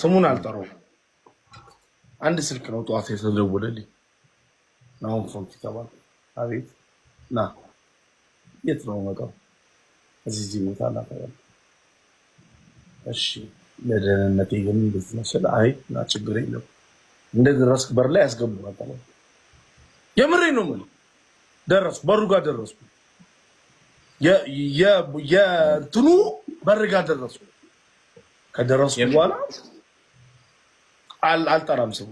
ስሙን አልጠራውም። አንድ ስልክ ነው ጠዋት የተደወለልኝ። ናሁን ፎንክ ይተባል። አቤት ና የት ነው መጣው? እዚህ ቦታ ላቀያል። እሺ ለደህንነት ግን እንደዚህ መስል? አይ ና ችግር የለው እንደ ደረስክ በር ላይ ያስገቡ ነበር። የምሬ ነው ምን ደረስኩ፣ በሩ ጋር ደረስኩ፣ የእንትኑ በር ጋር ደረስኩ። ከደረስኩ በኋላ አልጠራም ሰው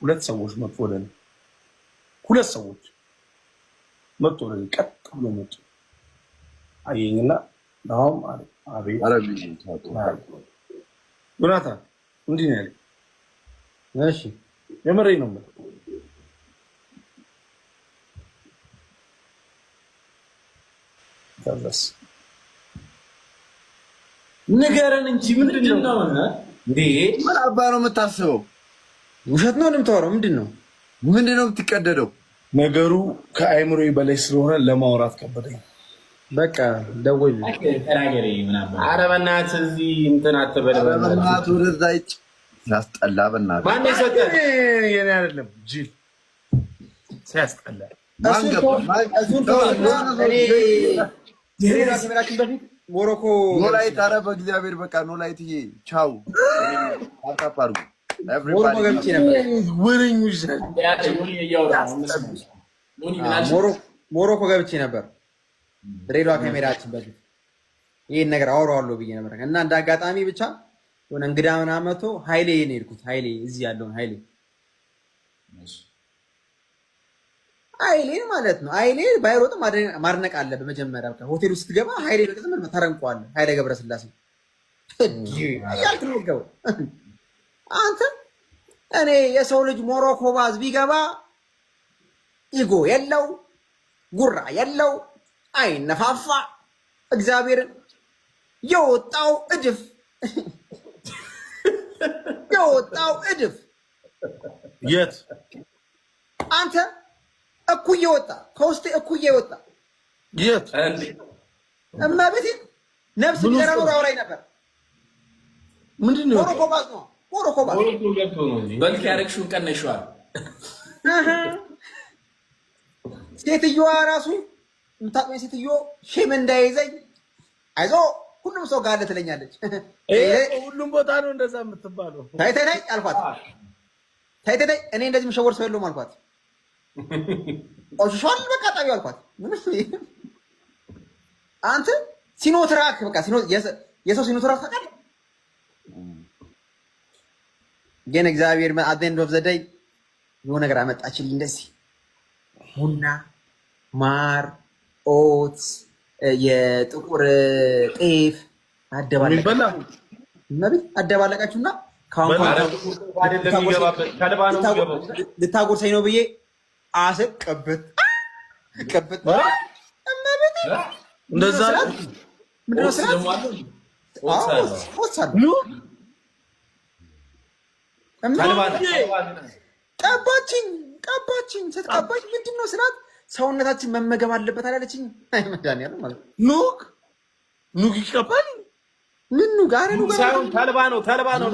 ሁለት ሰዎች መጡ ወደ እኔ። ሁለት ሰዎች መጡ ወደ እኔ፣ ቀጥ ብሎ መጡ። አየኝና ናሁም አለ ዮናታን እንዲህ ነው ያለኝ። እሺ የምሬን ነው የምልህ። ንገረን እንጂ ምንድን ነው እንዴ? ምን አባ ነው የምታስበው? ውሸት ነው የምታወራው? ምንድን ነው ምንድን ነው የምትቀደደው? ነገሩ ከአይምሮ በላይ ስለሆነ ለማውራት ከበደኝ። በቃ ደወል። ኧረ በእናትህ እዚህ እንትን አትበል፣ በእናትህ ወደዛ በእናትህ የእኔ አይደለም ጅል ሲያስጠላ ሞሮኮ ኖላይት። ኧረ በእግዚአብሔር በቃ ኖላይትዬ ቻው፣ አርታፓ ሞሮኮ ah, ገብቼ ነበር። hmm. ድሬዳዋ ካሜራችን በፊት ይህን ነገር አውረዋለሁ ብዬ ነበር እና እንደ አጋጣሚ ብቻ ሆነ እንግዳ ምናምን መቶ ሀይሌ ነው የሄድኩት። ሀይሌ እዚህ ያለውን ሀይሌ ሀይሌን ማለት ነው። ሀይሌ ባይሮጥም ማድነቅ አለ። በመጀመሪያ ሆቴሉ ስትገባ ሀይሌ በቅጽም ተረንቋል። ሀይሌ ገብረስላሴ እያልክ ነው ገባው አንተ እኔ የሰው ልጅ ሞሮኮ ባዝ ቢገባ ኢጎ የለው ጉራ የለው አይነፋፋ እግዚአብሔርን የወጣው እድፍ የወጣው እድፍ የት አንተ እኩዬ ወጣ ከውስጥ እኩዬ ወጣ የት እመቤቴ ነፍስ ሊቀረሩ አውራኝ ነበር ምንድን ነው ሞሮኮ ባዝ ነው ሞሮኮ በልክ ያደረግሽውን ቀነሽዋል። ሴትዮዋ ራሱ የምታውቀኝ ሴትዮ ሼም እንዳይዘኝ አይዞ ሁሉም ሰው ጋር አለ ትለኛለች። ሁሉም ቦታ ነው እንደዛ የምትባለው። ተይ ተይ ተይ አልኳት። ተይ ተይ ተይ እኔ እንደዚህ የምሸወር ሰው የለውም አልኳት። ቆሽሿል በቃ ጣቢው አልኳት። አንተ ሲኖትራክ በቃ የሰው ሲኖትራክ ታውቃለህ ግን እግዚአብሔር አት ኤንድ ኦፍ ዘ የሆነ ነገር አመጣችልኝ። እንደዚህ ቡና፣ ማር፣ ኦት፣ የጥቁር ጤፍ አደባለቃችሁና ልታጎርሰኝ ነው ብዬ አስቅ ቅብት ቅብት እንደዛ ምንድነው ስላት ቀባችኝ ቀባችኝ። ስትቀባች ምንድን ነው ስላት ሰውነታችን መመገብ አለበት አላለችኝ። ኑግ ኑግ ይቀባል። ምን ኑግ? አረ ኑግ ተልባ ነው ተልባ ነው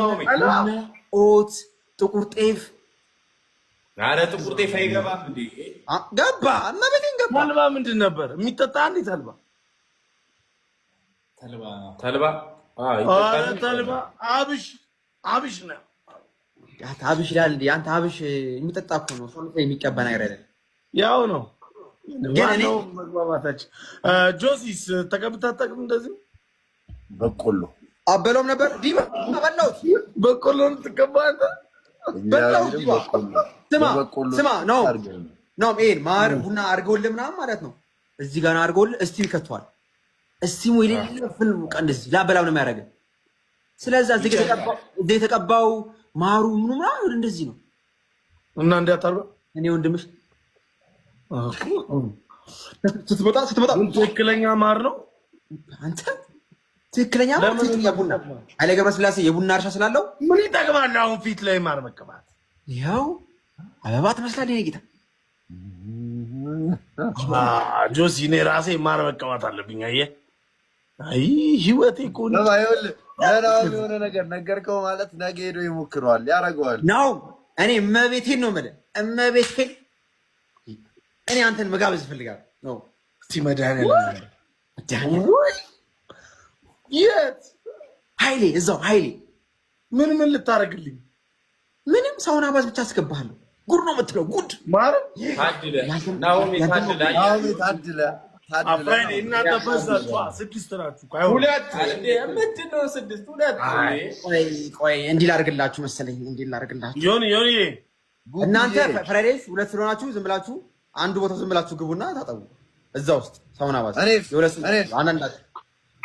ኦት፣ ጥቁር ጤፍ። አረ ጥቁር ጤፍ አይገባም እንዴ? ገባ እና በትን ገባ። ተልባ ምንድን ነበር የሚጠጣ አንዴ? ተልባ ተልባ ተልባ ተልባ አብሽ አብሽ ነው ሀብሽ ይላል። አንተ ሀብሽ የሚጠጣ እኮ ነው፣ ሰው የሚቀባ ነገር አይደለም። ያው ነው ዋናው መግባባታችን። ጆሲስ ተቀብታ አታውቅም እንደዚህ በቆሎ አበሎም ነበር ዲባ በላሁት። በቆሎ ትቀባ አንተ በላሁት። ስማ ስማ፣ ነው ነው ይሄን ማር ቡና አድርገውልህ ምናምን ማለት ነው። እዚህ ጋር አድርገውልህ እስቲ ይከተዋል። እስቲም ወይ ሌላ ፍል ቀን እንደዚህ ላበላው ነው የሚያደርገው። ስለዚህ እዚህ የተቀባው ማሩ ምኑ ምናምን እንደዚህ ነው እና እንዲያታርገ እኔ ወንድምሽ ስትመጣ ስትመጣ ትክክለኛ ማር ነው አንተ ትክክለኛ ቡና ኃይሌ ስላሴ የቡና እርሻ ስላለው ምን ይጠቅማል? አሁን ፊት ላይ ማር መቀባት ይኸው አበባ ትመስላለህ። ኔ ጌታ ጆሲ፣ እኔ ራሴ ማር መቀባት አለብኝ። አየህ አይ ህይወቴ እኮ የሆነ ነገር ነገርከው ማለት ነገ ሄዶ ይሞክረዋል፣ ያደርገዋል። ነው? እኔ እመቤቴን ነው የምልህ፣ እመቤቴን እኔ አንተን መጋበዝ እፈልጋለሁ ነው እስቲ መድኃኒዓለም የት ኃይሌ እዛው ኃይሌ ምን ምን ልታደርግልኝ? ምንም ሰውን አባዝ ብቻ አስገባሃለሁ። ጉድ ነው የምትለው ጉድ ማረ ታድለ ናሆሜ ታድለ እናንተ በዛችሁ ስድስት ናችሁ። ቆይ እንዲህ ላድርግላችሁ መሰለኝ፣ እንዲህ ላድርግላችሁ እናንተ ፍራይዴይስ ሁለት ስለሆናችሁ ዝም ብላችሁ አንዱ ቦታ ዝም ብላችሁ ግቡና ታጠቡ እዛ ውስጥ ሰውና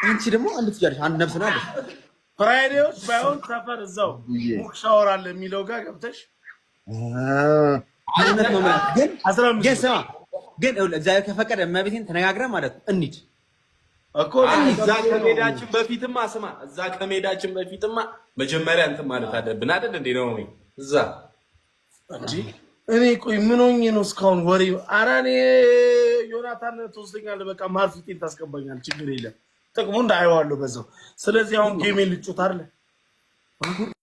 አንቺ ደግሞ አንድ ትያለሽ አንድ ነፍስ ነው አለሽ። ፍራይዴዎች ባይሆን ሰፈር እዛው ሙቅ ሻወር አለ የሚለው ጋር ገብተሽ ግን ስማ ግን እግዚአብሔር ከፈቀደ እመቤቴን ተነጋግረን ማለት ነው እንሂድ እኮ እዛ ከሜዳችን በፊትማ ስማ፣ እዛ ከሜዳችን በፊትማ መጀመሪያ እንትን ማለት አለብን አይደል? እንዴ ነው እዛ እንጂ እኔ ቆይ ምን ሆኜ ነው እስካሁን ወሬ? ኧረ እኔ ዮናታን ትወስደኛለህ፣ በቃ ማርፊቴን ታስቀባኛል፣ ችግር የለም ጥቅሙ እንዳይዋለሁ በዛው። ስለዚህ አሁን ጌሜን ልጩት አለ